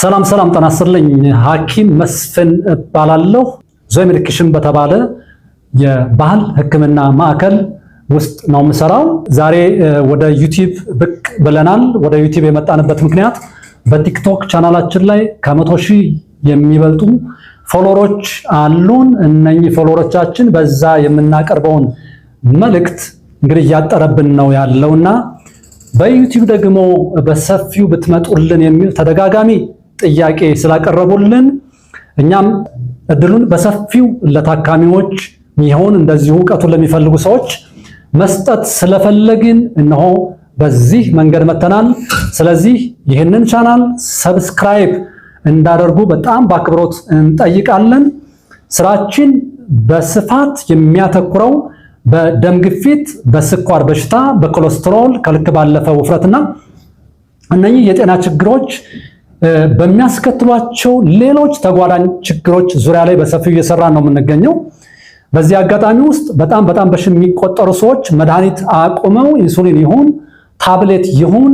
ሰላም ሰላም፣ ጤና ይስጥልኝ። ሐኪም መስፍን እባላለሁ። ዞይ በተባለ የባህል ሕክምና ማዕከል ውስጥ ነው የምሰራው። ዛሬ ወደ ዩቲዩብ ብቅ ብለናል። ወደ ዩቲዩብ የመጣንበት ምክንያት በቲክቶክ ቻናላችን ላይ ከመቶ ሺህ የሚበልጡ ፎሎወሮች አሉን። እነኚህ ፎሎወሮቻችን በዛ የምናቀርበውን መልእክት እንግዲህ እያጠረብን ነው ያለውና በዩቲዩብ ደግሞ በሰፊው ብትመጡልን የሚል ተደጋጋሚ ጥያቄ ስላቀረቡልን እኛም እድሉን በሰፊው ለታካሚዎች ሚሆን እንደዚሁ እውቀቱን ለሚፈልጉ ሰዎች መስጠት ስለፈለግን እነሆ በዚህ መንገድ መተናል። ስለዚህ ይህንን ቻናል ሰብስክራይብ እንዳደርጉ በጣም በአክብሮት እንጠይቃለን። ስራችን በስፋት የሚያተኩረው በደም ግፊት፣ በስኳር በሽታ፣ በኮሌስትሮል፣ ከልክ ባለፈ ውፍረትና እነኚህ የጤና ችግሮች በሚያስከትሏቸው ሌሎች ተጓዳኝ ችግሮች ዙሪያ ላይ በሰፊው እየሰራ ነው የምንገኘው። በዚህ አጋጣሚ ውስጥ በጣም በጣም በሺ የሚቆጠሩ ሰዎች መድኃኒት አቁመው ኢንሱሊን ይሁን ታብሌት ይሁን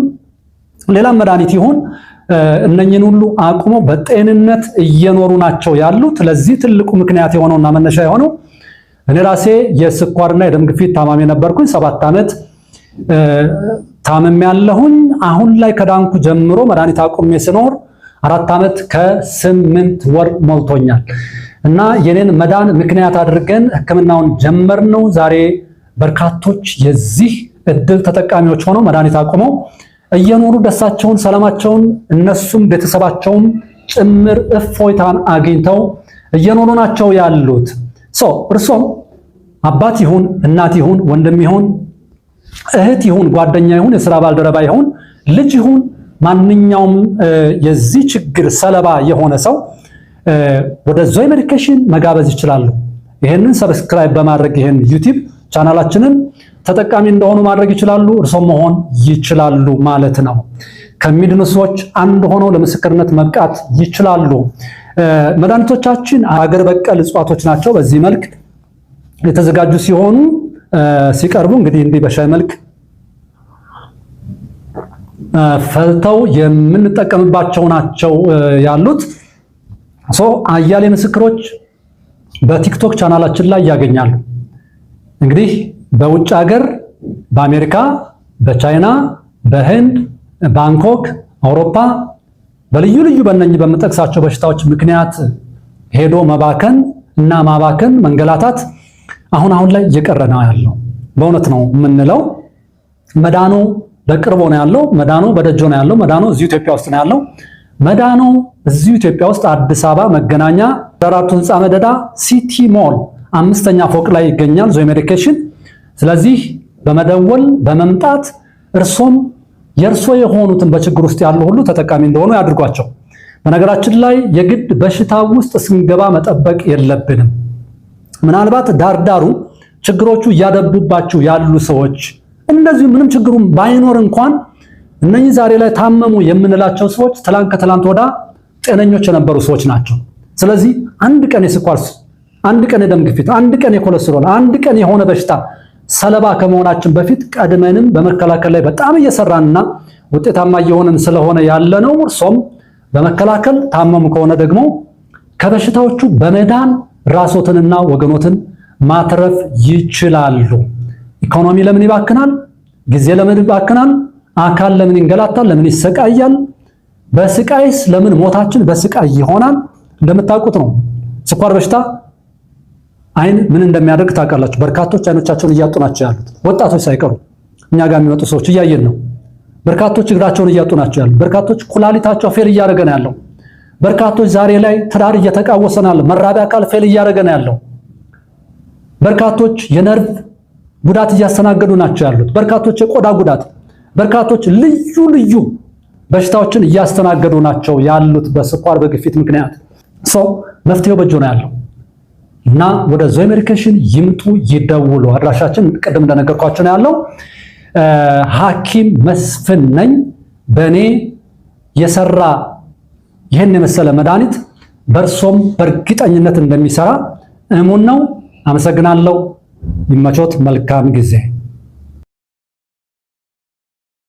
ሌላም መድኃኒት ይሁን እነኝን ሁሉ አቁመው በጤንነት እየኖሩ ናቸው ያሉት። ለዚህ ትልቁ ምክንያት እና መነሻ የሆነው እኔ ራሴ የስኳርና የደም ግፊት ታማሚ ነበርኩኝ። ሰባት ዓመት ታምም ያለሁኝ አሁን ላይ ከዳንኩ ጀምሮ መድኃኒት አቁሜ ስኖር አራት ዓመት ከስምንት ወር ሞልቶኛል እና የኔን መዳን ምክንያት አድርገን ጀመር ነው። ዛሬ በርካቶች የዚህ እድል ተጠቃሚዎች ሆነው መድኃኒት አቁመው እየኖሩ ደሳቸውን፣ ሰላማቸውን እነሱም ቤተሰባቸውም ጭምር እፎይታን አግኝተው እየኖሩ ናቸው ያሉት። እርሶም አባት ይሁን እናት ይሁን ወንድም ይሁን እህት ይሁን ጓደኛ ይሁን የስራ ባልደረባ ይሁን ልጅ ይሁን ማንኛውም የዚህ ችግር ሰለባ የሆነ ሰው ወደ ዞይ ሜዲኬሽን መጋበዝ ይችላሉ። ይህንን ሰብስክራይብ በማድረግ ይህን ዩቲዩብ ቻናላችንን ተጠቃሚ እንደሆኑ ማድረግ ይችላሉ። እርሶ መሆን ይችላሉ ማለት ነው። ከሚድኑ ሰዎች አንድ ሆነው ለምስክርነት መብቃት ይችላሉ። መድኃኒቶቻችን አገር በቀል እጽዋቶች ናቸው። በዚህ መልክ የተዘጋጁ ሲሆኑ ሲቀርቡ እንግዲህ እንዲህ በሻይ መልክ ፈልተው የምንጠቀምባቸው ናቸው ያሉት። ሶ አያሌ ምስክሮች በቲክቶክ ቻናላችን ላይ ያገኛሉ። እንግዲህ በውጭ ሀገር በአሜሪካ፣ በቻይና፣ በህንድ፣ ባንኮክ፣ አውሮፓ በልዩ ልዩ በእነኚህ በምጠቅሳቸው በሽታዎች ምክንያት ሄዶ መባከን እና ማባከን መንገላታት አሁን አሁን ላይ እየቀረ ነው ያለው። በእውነት ነው የምንለው መዳኑ በቅርቦ ነው ያለው። መዳኑ በደጆ ነው ያለው። መዳኑ እዚሁ ኢትዮጵያ ውስጥ ነው ያለው። መዳኑ እዚሁ ኢትዮጵያ ውስጥ አዲስ አበባ መገናኛ አራቱ ህንፃ መደዳ ሲቲ ሞል አምስተኛ ፎቅ ላይ ይገኛል ዞይ ሜዲኬሽን። ስለዚህ በመደወል በመምጣት እርሶም የእርሶ የሆኑትን በችግር ውስጥ ያሉ ሁሉ ተጠቃሚ እንደሆኑ ያድርጓቸው። በነገራችን ላይ የግድ በሽታ ውስጥ ስንገባ መጠበቅ የለብንም። ምናልባት ዳርዳሩ ችግሮቹ እያደቡባችሁ ያሉ ሰዎች እንደዚሁ ምንም ችግሩ ባይኖር እንኳን እነኚህ ዛሬ ላይ ታመሙ የምንላቸው ሰዎች ትላንት ከትላንት ወዳ ጤነኞች የነበሩ ሰዎች ናቸው። ስለዚህ አንድ ቀን የስኳር፣ አንድ ቀን የደም ግፊት፣ አንድ ቀን የኮለስትሮል አንድ ቀን የሆነ በሽታ ሰለባ ከመሆናችን በፊት ቀድመንም በመከላከል ላይ በጣም እየሰራንና ውጤታማ እየሆንን ስለሆነ ያለ ነው እርሶም በመከላከል ታመሙ ከሆነ ደግሞ ከበሽታዎቹ በመዳን ራሶትንና ወገኖትን ማትረፍ ይችላሉ። ኢኮኖሚ ለምን ይባክናል? ጊዜ ለምን ይባክናል? አካል ለምን ይንገላታል? ለምን ይሰቃያል? በስቃይስ ለምን ሞታችን በስቃይ ይሆናል? እንደምታውቁት ነው ስኳር በሽታ አይን ምን እንደሚያደርግ ታውቃላችሁ። በርካቶች አይኖቻቸውን እያጡ ናቸው ያሉት ወጣቶች ሳይቀሩ እኛ ጋር የሚመጡ ሰዎች እያየን ነው። በርካቶች እግራቸውን እያጡ ናቸው ያሉት። በርካቶች ኩላሊታቸው ፌል እያደረገ ነው ያለው። በርካቶች ዛሬ ላይ ትዳር እየተቃወሰናል። መራቢያ አካል ፌል እያደረገ ያለው። በርካቶች የነርቭ ጉዳት እያስተናገዱ ናቸው ያሉት። በርካቶች የቆዳ ጉዳት፣ በርካቶች ልዩ ልዩ በሽታዎችን እያስተናገዱ ናቸው ያሉት በስኳር በግፊት ምክንያት። ሰው መፍትሄው በእጁ ነው ያለው እና ወደ ዞይ ሜዲኬሽን ይምጡ፣ ይደውሉ። አድራሻችን ቅድም እንደነገርኳቸው ነው ያለው። ሐኪም መስፍን ነኝ። በእኔ የሰራ ይህን የመሰለ መድኃኒት በእርሶም በእርግጠኝነት እንደሚሰራ እሙን ነው። አመሰግናለሁ። ይመቾት። መልካም ጊዜ